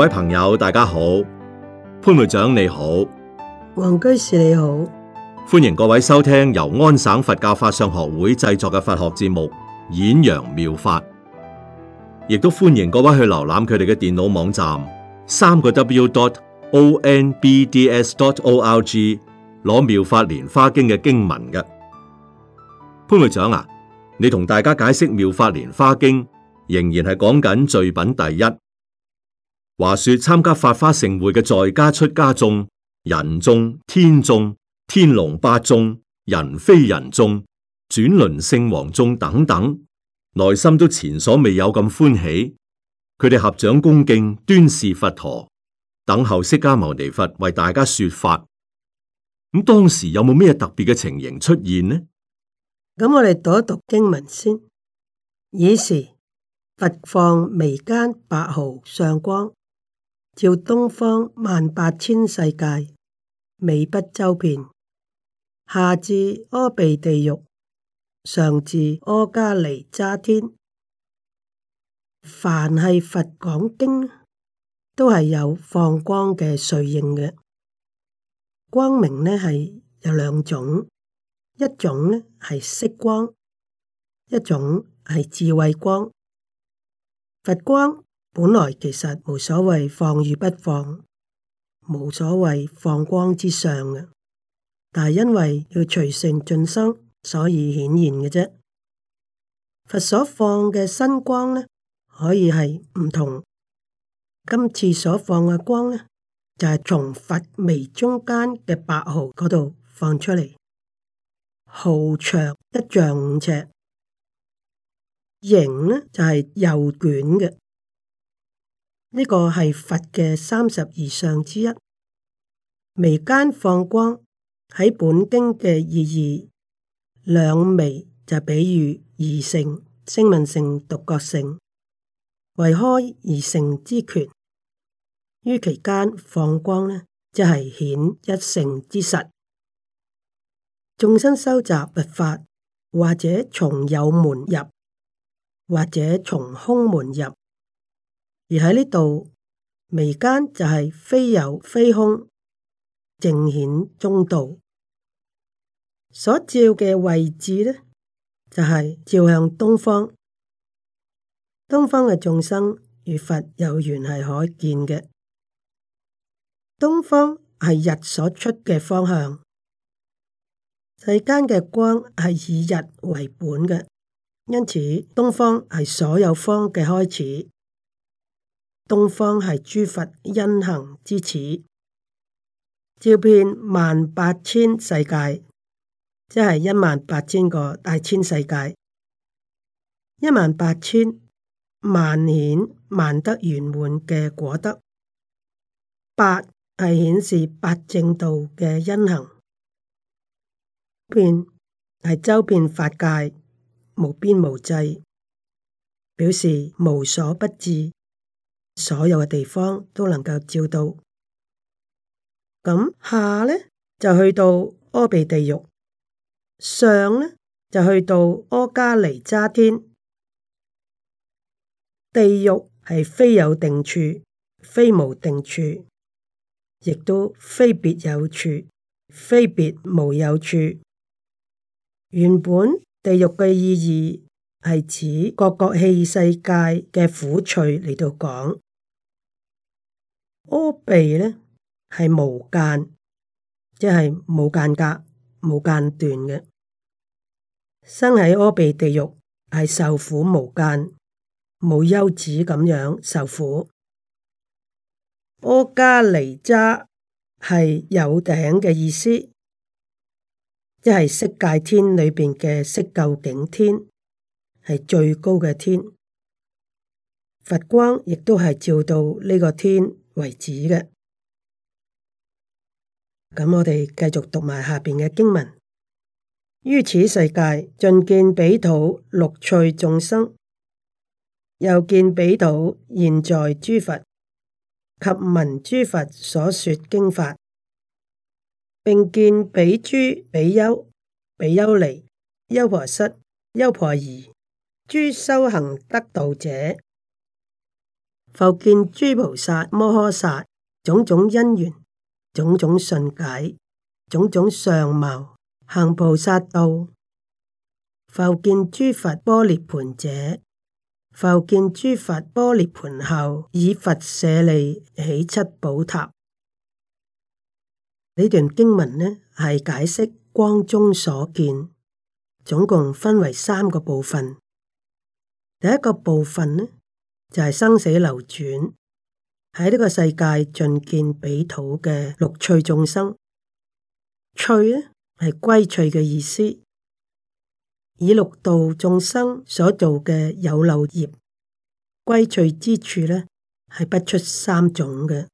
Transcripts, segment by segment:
各位朋友，大家好，潘會長你好，黃居士你好，歡迎各位收聽由安省佛教法相學會製作嘅佛學節目《演揚妙法》，亦都歡迎各位去瀏覽佢哋嘅電腦網站三個 W dot o N B D S 點 O L G 攞妙法蓮花經嘅經文嘅。潘會長啊，你同大家解釋妙法蓮花經，仍然係講緊序品第一。話說參加法華盛會嘅在家出家眾、人眾、天眾、天龍八眾、人非人眾、轉輪聖王眾等等，內心都前所未有咁歡喜。佢哋合掌恭敬，端視佛陀，等候釋迦牟尼佛為大家說法。咁當時有冇咩特別嘅情形出現呢？咁我哋讀一讀經文先。爾時，佛放眉間白毫上光。照東方萬八千世界，靡不周遍，下至阿鼻地獄，上至阿迦尼吒天。凡係佛講經，都係有放光嘅瑞應嘅。光明呢？係有兩種，一種呢係色光，一種係智慧光，佛光。本來其實無所謂放與不放，無所謂放光之上嘅，但係因為要隨性盡生，所以顯現嘅啫。佛所放嘅新光咧，可以係唔同。今次所放嘅光咧，就係、是、從佛眉中間嘅白毫嗰度放出嚟，毫長一丈五尺，形咧就係、是、右卷嘅。呢個係佛嘅三十二相之一，眉間放光喺本經嘅意義，兩眉就比喻二乘，聲聞乘獨覺乘，為開二乘之權。於其間放光呢，即係顯一乘之實。眾生修習佛法，或者從有門入，或者從空門入。而喺呢度眉間就係非有非空，正顯中道。所照嘅位置呢，就係照向東方。東方嘅眾生與佛有緣係可見嘅。東方係日所出嘅方向，世間嘅光係以日為本嘅，因此東方係所有方嘅開始。東方係諸佛因行之始，照遍萬八千世界，即係一萬八千個大千世界，一萬八千萬顯萬德圓滿嘅果德。八係顯示八正道嘅因行，遍係周遍法界，無邊無際，表示無所不至。所有嘅地方都能夠照到，咁下呢，就去到阿鼻地獄，上呢，就去到阿迦尼吒天。地獄係非有定處，非無定處，亦都非別有處，非別無有處。原本地獄嘅意義係指各國氣世界嘅苦趣嚟到講。阿鼻呢係無間，即係冇間隔、冇間斷嘅。生喺阿鼻地獄係受苦無間，冇休止咁樣受苦。阿迦尼吒係有頂嘅意思，即係色界天裏邊嘅色究竟天係最高嘅天，佛光亦都係照到呢個天為止嘅，咁我哋繼續讀埋下邊嘅經文。於此世界，盡見彼土六趣眾生，又見彼土現在諸佛及聞諸佛所說經法，並見彼諸比丘、比丘尼、優婆塞、優婆夷諸修行得道者。復見諸菩薩摩訶薩，種種因緣、種種信解、種種相貌行菩薩道，復見諸佛般涅槃者，復見諸佛般涅槃後，以佛舍利起七寶塔。呢段經文呢係解釋光中所見，總共分為三個部分。第一個部分就係生死流轉，喺呢個世界盡見彼土嘅六趣眾生，趣咧係歸趣嘅意思，以六道眾生所做嘅有漏業歸趣之處咧係不出三種嘅，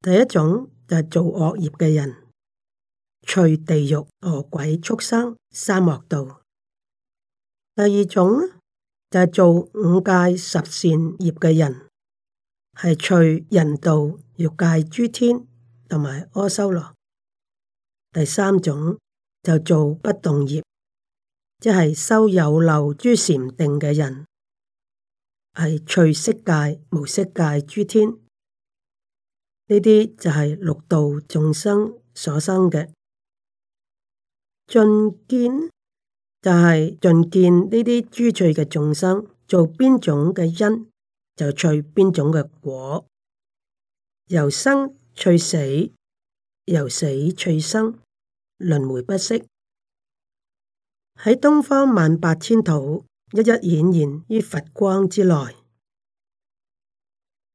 第一種就係、是、做惡業嘅人，趣地獄餓鬼畜生三惡道，第二種咧就係做五戒十善業嘅人，係隨人道欲界諸天同埋阿修羅。第三種就做不動業，即係修有漏諸禪定嘅人，係隨色界無色界諸天。呢啲就係六道眾生所生嘅進堅。就係盡見呢啲諸趣嘅眾生做邊種嘅因，就趣邊種嘅果，由生趣死，由死趣生，輪迴不息。喺東方萬八千土，一一顯現於佛光之內。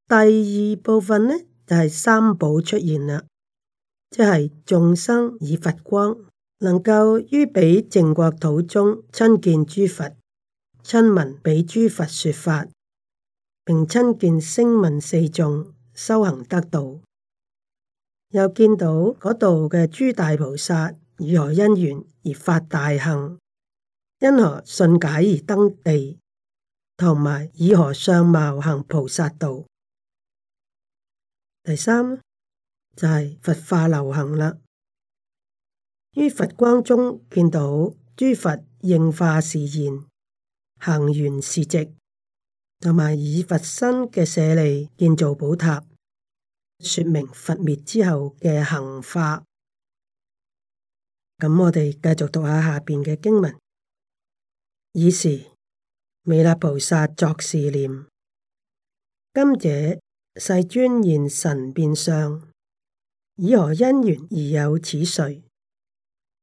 第二部分呢，就係三寶出現啦，即係眾生以佛光。能夠於彼淨國土中親見諸佛，親聞彼諸佛說法，並親見聲聞四眾修行得道，又見到嗰度嘅諸大菩薩如何因緣而發大行，因何信解而登地，同埋以何相貌行菩薩道。第三就係、是、佛法流行啦。於佛光中見到諸佛應化示現行緣示迹，同埋以佛身嘅舍利建造寶塔，說明佛滅之後嘅行化。咁我哋繼續讀下下邊嘅經文。爾時，彌勒菩薩作是念：今者世尊現神變相，以何因緣而有此瑞？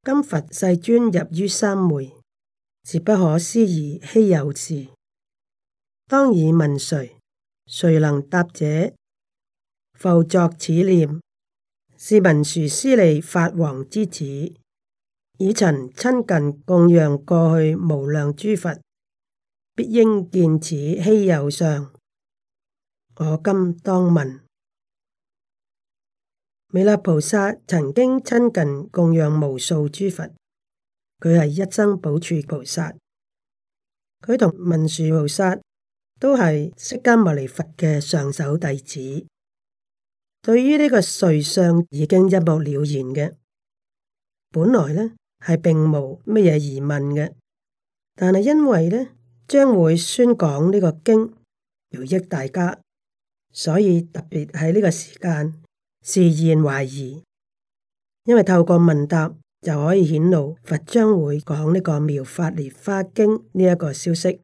今佛世尊入于三昧，是不可思議稀有事。當以問誰，誰能答者？復作此念：是文殊師利法王之子，以曾親近供養過去無量諸佛，必應見此稀有相。我今當問。彌勒菩薩曾經親近供養無數諸佛，佢係一生補處菩薩，佢同文殊菩薩都係釋迦牟尼佛嘅上首弟子。對於呢個瑞相已經一目了然嘅，本來呢係並無乜嘢疑問嘅，但係因為呢將會宣講呢個經，饒益大家，所以特別喺呢個時間。自然懷疑，因為透過問答就可以顯露佛將會講呢、這個《妙法蓮花經》呢、這、一個消息。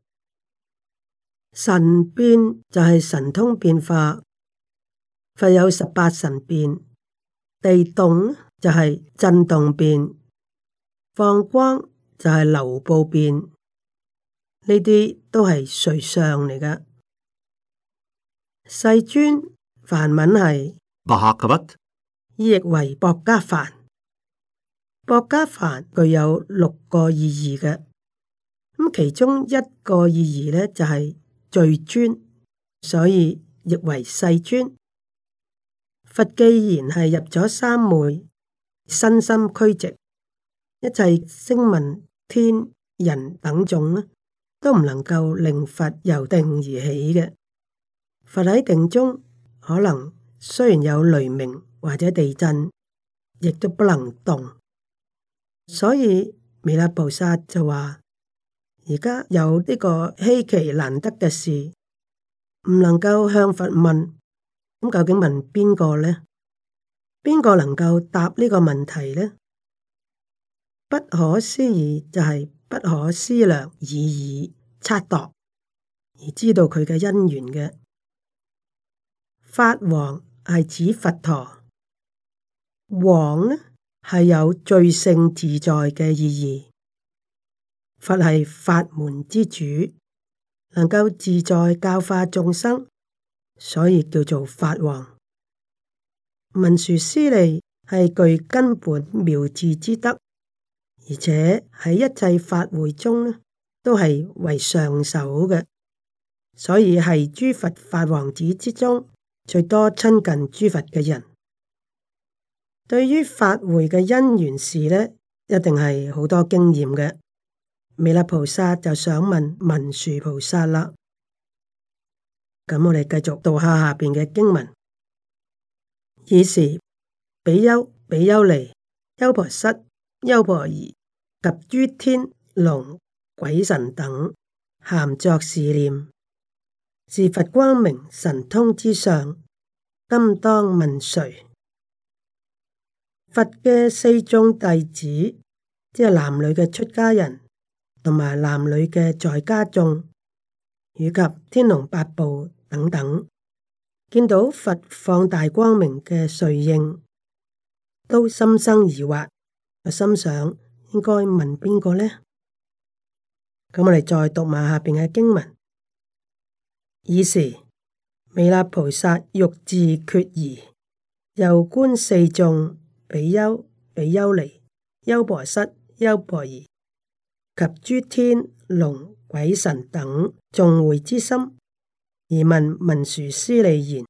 神變就係神通變化，佛有十八神變；地動就係震動變，放光就係流布變，呢啲都係瑞相嚟嘅。世尊梵文係。亦為薄伽梵。薄伽梵具有六個意義嘅，咁其中一個意義呢就係最尊，所以亦為世尊。佛既然係入咗三昧，身心俱寂，一切聲聞、天人等眾呢，都唔能夠令佛由定而起嘅。佛喺定中可能。雖然有雷鳴或者地震，亦都不能動。所以彌勒菩薩就話：而家有呢個稀奇難得嘅事，唔能夠向佛問。咁究竟問邊個呢？邊個能夠答呢個問題呢？不可思議就係不可思量而已，測度而知道佢嘅因緣嘅法王。係指佛陀王呢，係有最勝自在嘅意義。佛係法門之主，能夠自在教化眾生，所以叫做法王。文殊師利係具根本妙智之德，而且喺一切法會中咧，都係為上首嘅，所以係諸佛法王子之中。最多親近諸佛嘅人，對於法會嘅因緣事呢，一定係好多經驗嘅。彌勒菩薩就想問文殊菩薩啦。咁我哋繼續讀下下邊嘅經文。爾時，比丘、比丘尼、優婆塞、優婆夷及諸天龍鬼神等，咸作是念。是佛光明神通之上，今當問誰？佛嘅四眾弟子，即係男女嘅出家人，同埋男女嘅在家眾，以及天龍八部等等，見到佛放大光明嘅瑞應，都心生疑惑，我心想應該問邊個呢？咁我哋再讀埋下邊嘅經文。以時，彌勒菩薩欲自決疑，又觀四眾比丘、比丘尼、優婆塞、優婆夷及諸天龍鬼神等眾會之心，而問文殊師利言：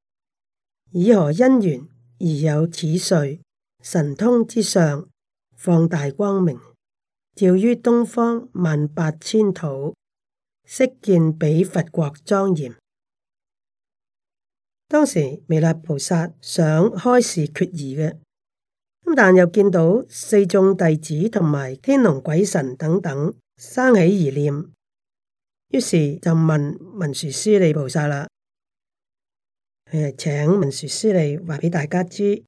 以何因緣而有此瑞神通之相，放大光明，照於東方萬八千土？悉見彼佛國莊嚴，當時彌勒菩薩想開示決疑嘅，但又見到四眾弟子同埋天龍鬼神等等生起疑念，於是就問文殊師利菩薩啦，誒，請文殊師利話俾大家知，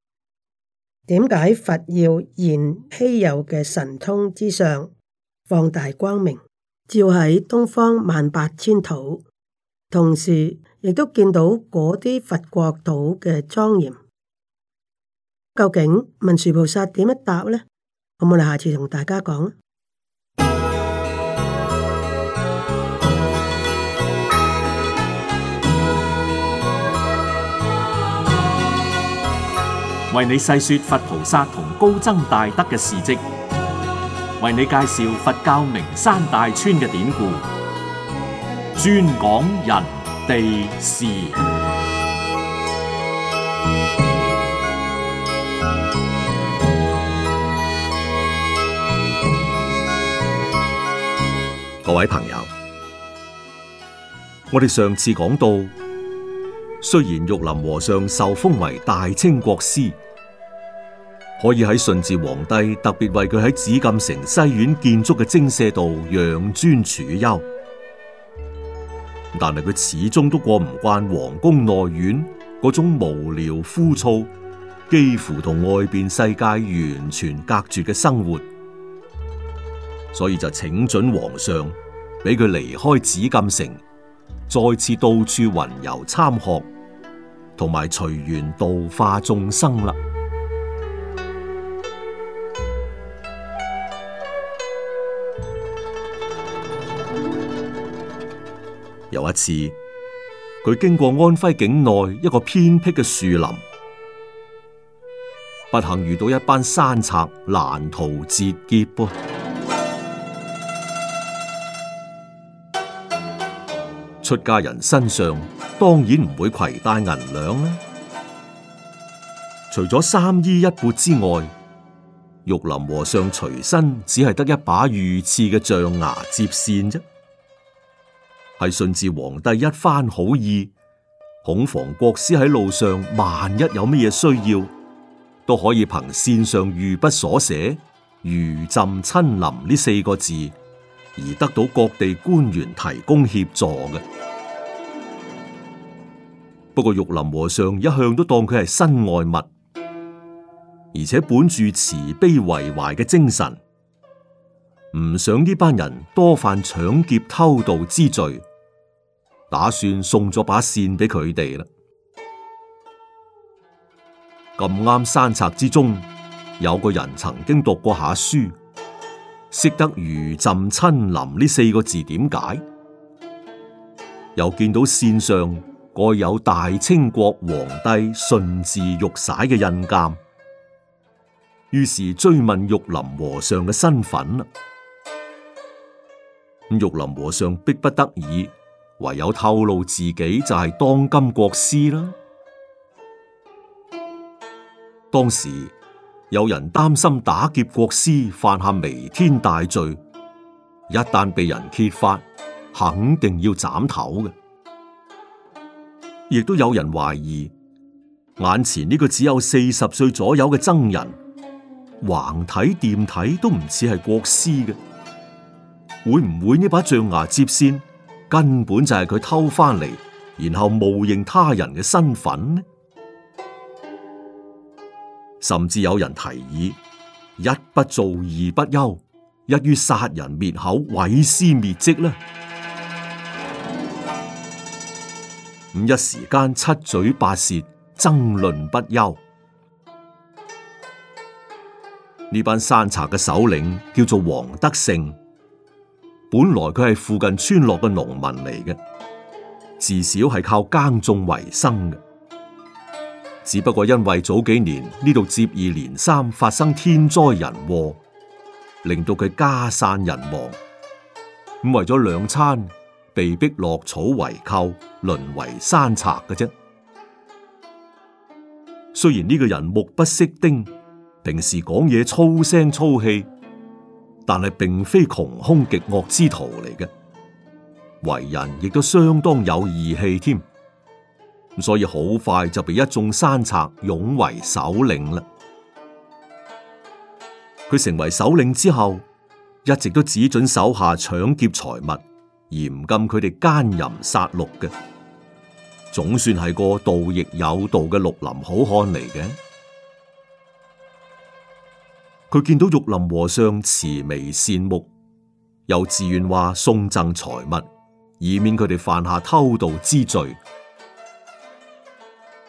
點解佛要現稀有嘅神通之上，放大光明？照喺東方萬八千土，同時亦都見到嗰啲佛國土嘅莊嚴。究竟文殊菩薩點樣答呢？好冇，我哋下次同大家講。為你細說佛菩薩同高僧大德嘅事跡。為你介紹佛教名山大川嘅典故，專講人地事。各位朋友，我哋上次講到，雖然玉林和尚受封為大清國師。可以喺順治皇帝特別為佢喺紫禁城西苑建築嘅精舍度養尊處優，但係佢始終都過唔慣皇宮內院嗰種無聊枯燥，幾乎同外邊世界完全隔絕嘅生活，所以就請准皇上俾佢離開紫禁城，再次到處雲遊參學，同埋隨緣度化眾生啦。有一次，佢經過安徽境內一個偏僻嘅樹林，不幸遇到一班山賊，難逃截劫噃。啊，出家人身上當然唔會攜帶銀兩啦，除咗三衣一缽之外，玉林和尚隨身只係得一把御賜嘅象牙摺扇啫。係順治皇帝一番好意，恐防國師喺路上萬一有乜嘢需要，都可以憑綫上御筆所寫“如朕親臨”呢四個字而得到各地官員提供協助嘅。不過玉林和尚一向都當佢係身外物，而且本住慈悲為懷嘅精神，唔想呢班人多犯搶劫偷盜之罪。打算送咗把扇俾佢哋啦。咁啱山賊之中有個人曾經讀過下書，識得如朕親臨呢四個字點解，又見到扇上蓋有大清國皇帝順治玉璽嘅印鑑，於是追問玉林和尚嘅身份。玉林和尚逼不得已。唯有透露自己就係當今國師啦。當時有人擔心打劫國師犯下彌天大罪，一旦被人揭發，肯定要斬頭嘅。亦都有人懷疑眼前呢個只有四十歲左右嘅僧人，橫睇掂睇都唔似係國師嘅，會唔會呢把象牙接線？根本就係佢偷翻嚟，然後冒認他人嘅身份呢？甚至有人提議一不做二不休，一於殺人滅口，毀屍滅迹呢。一時間七嘴八舌，爭論不休。呢班山賊嘅首領叫做黃德勝。本來佢係附近村落嘅農民嚟嘅，至少係靠耕種為生嘅。只不過因為早幾年呢度接二連三發生天災人禍，令到佢家散人亡，咁為咗兩餐，被迫落草為寇，淪為山賊嘅啫。雖然呢個人目不識丁，平時講嘢粗聲粗氣。但係並非窮凶極惡之徒嚟嘅，為人亦都相當有義氣添，所以好快就被一眾山賊擁為首領啦。佢成為首領之後，一直都只准手下搶劫財物，嚴禁佢哋姦淫殺戮嘅。總算係個盜亦有道嘅綠林好漢嚟嘅。佢見到玉林和尚慈眉善目，又自願話送贈財物，以免佢哋犯下偷盜之罪。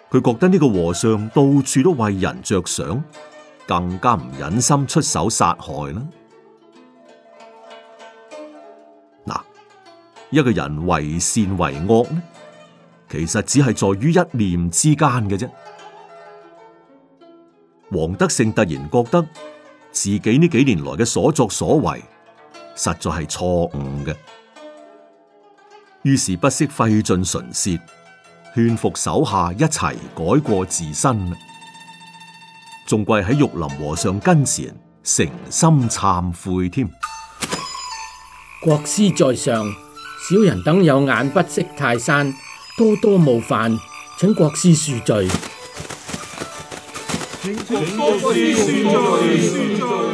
佢覺得呢個和尚到處都為人着想，更加唔忍心出手殺害啦。嗱，一個人為善為惡呢，其實只係在於一念之間嘅啫。黃德勝突然覺得，自己呢幾年來嘅所作所為，實在係錯誤嘅。於是不惜費盡唇舌，勸服手下一齊改過自身，仲跪喺玉林和尚跟前誠心懺悔添。國師在上，小人等有眼不識泰山，多多冒犯，請國師恕罪。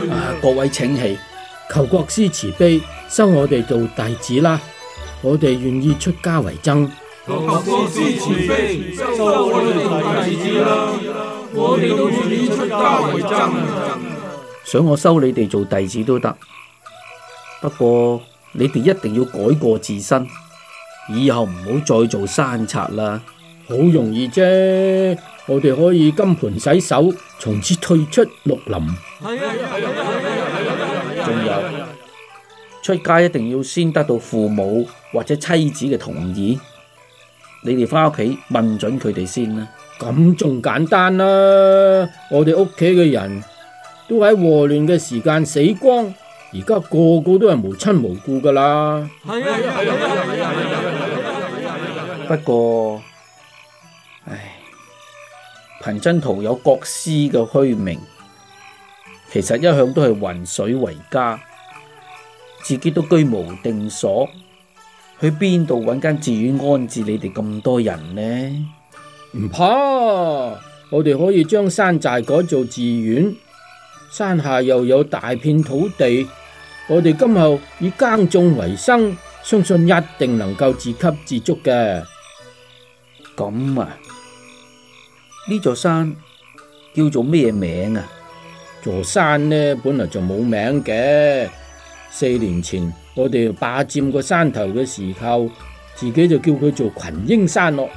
啊，各位請起，求國師慈悲收我哋做弟子啦！我哋願意出家為僧。求國師慈悲收我哋做弟子啦！我哋都願意出家為僧。想我收你哋做弟子都得，不過你哋一定要改過自新，以後唔好再做山賊啦！好容易啫～我哋可以金盆洗手，從此退出綠林。仲有出家一定要先得到父母或者妻子嘅同意，你哋返屋企問准佢哋先啦。咁仲簡單啦！啊，我哋屋企嘅人都喺和亂嘅時間死光，而家個個都係無親無故噶啦。不過。貧僧徒有國師嘅虛名，其實一向都係雲水為家，自己都居無定所，去邊度搵間寺院安置你哋咁多人呢？唔怕，我哋可以將山寨改做寺院，山下又有大片土地，我哋今後以耕種為生，相信一定能夠自給自足嘅。咁啊！呢座山叫做咩名啊？座山呢本來就冇名嘅。四年前我哋霸佔個山頭嘅時候，自己就叫佢做群英山咯。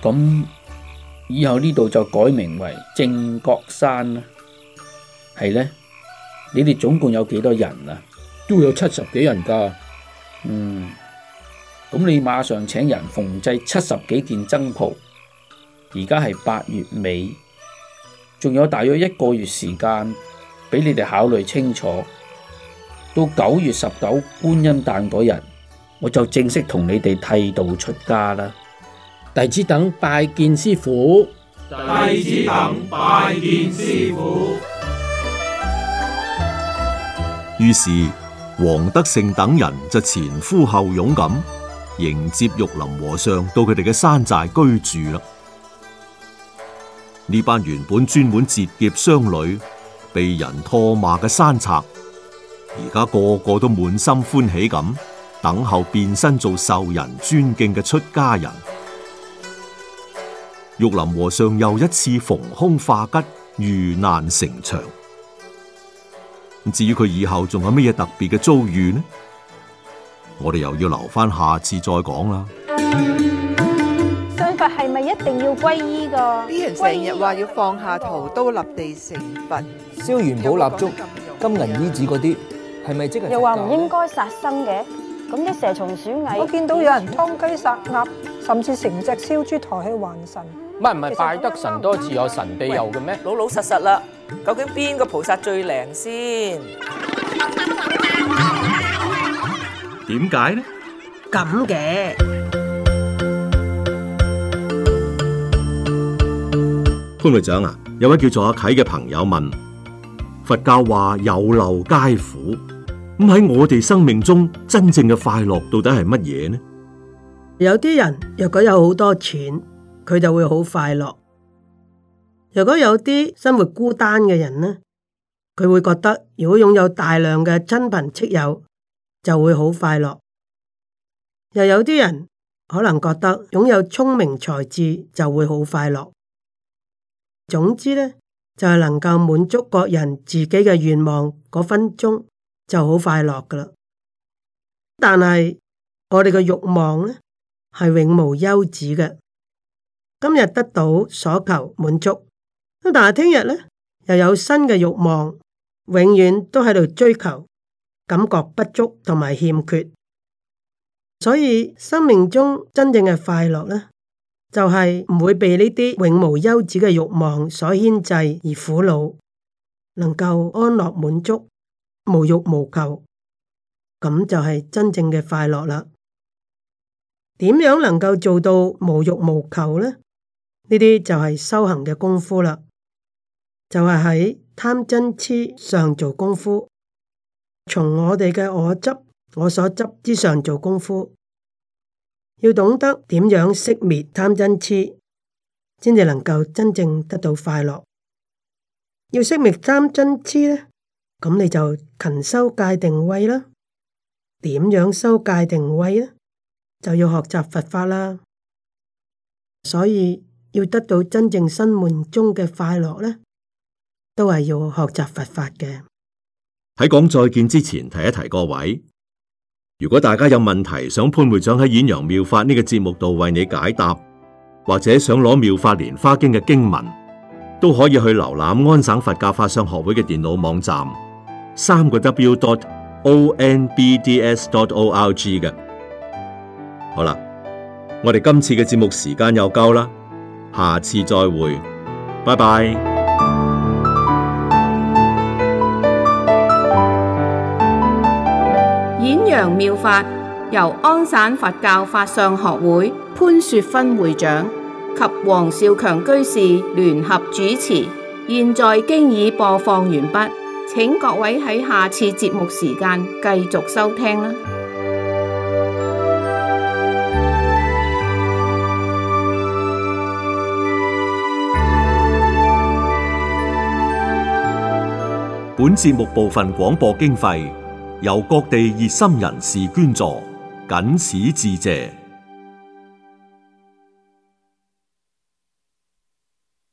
咁以後呢度就改名為正覺山啦。係呢，你哋總共有幾多人啊？都有七十幾人噶。嗯，咁你馬上請人縫製七十幾件僧袍。而家係八月尾，仲有大約一個月時間俾你哋考慮清楚。到九月十九，觀音誕嗰日，我就正式同你哋剃度出家啦。弟子等拜見師傅。弟子等拜見師傅。於是黃德勝等人就前呼後擁咁迎接玉林和尚到佢哋嘅山寨居住啦。呢班原本專門劫掠商旅、被人唾罵嘅山賊，而家個個都滿心歡喜咁，等候變身做受人尊敬嘅出家人。玉林和尚又一次逢凶化吉、遇難成祥。至於佢以後仲有咩嘢特別嘅遭遇呢？我哋又要留翻下次再講啦。係咪一定要皈依噶？啲人成日話要放下屠刀，立地成佛，燒元寶蠟燭、金銀衣子嗰啲，係咪即係？又話唔應該殺生嘅，咁啲蛇蟲鼠蟻，我見到有人劏雞殺鴨，甚至成隻燒豬抬去還神。唔係唔係，拜得神多自有神庇佑嘅咩？老老實實啦，究竟邊個菩薩最靈先？點解呢？咁嘅。潘會長啊，有一位叫做阿啟嘅朋友問，佛教話有漏皆苦，咁喺我哋生命中真正嘅快樂到底係乜嘢呢？總之咧，就係、是、能夠滿足各人自己嘅願望嗰分鐘就好快樂噶啦。但係我哋嘅欲望咧係永無休止嘅，今日得到所求滿足，咁但係聽日咧又有新嘅欲望，永遠都喺度追求，感覺不足同埋欠缺，所以生命中真正嘅快樂咧。就係唔會被呢啲永無休止嘅欲望所牽制而苦惱，能夠安樂滿足，無欲無求，咁就係真正嘅快樂啦。點樣能夠做到無欲無求呢？呢啲就係修行嘅功夫啦，就係喺貪嗔癡上做功夫，從我哋嘅我執、我所執之上做功夫。要懂得點樣息滅貪嗔痴，先至能夠真正得到快樂。要息滅貪嗔痴呢？咁你就勤修戒定慧啦。點樣修戒定慧呢？就要學習佛法啦。所以要得到真正心門中嘅快樂呢，都係要學習佛法嘅。喺講再見之前，提一提各位。如果大家有問題想潘會長喺《演陽妙法》呢個節目度為你解答，或者想攞《妙法蓮華經》嘅經文，都可以去瀏覽安省佛教法相學會嘅電腦網站，三個 W dot O N B D S dot O L G 嘅。好啦，我哋今次嘅節目時間又夠啦，下次再會，拜拜。揚妙法由安省佛教法上學會潘雪芬會長及黃少強居士聯合主持，現在經已播放完畢，請各位喺下次節目時間繼續收聽啦。本節目部分廣播經費。由各地熱心人士捐助，僅此致謝。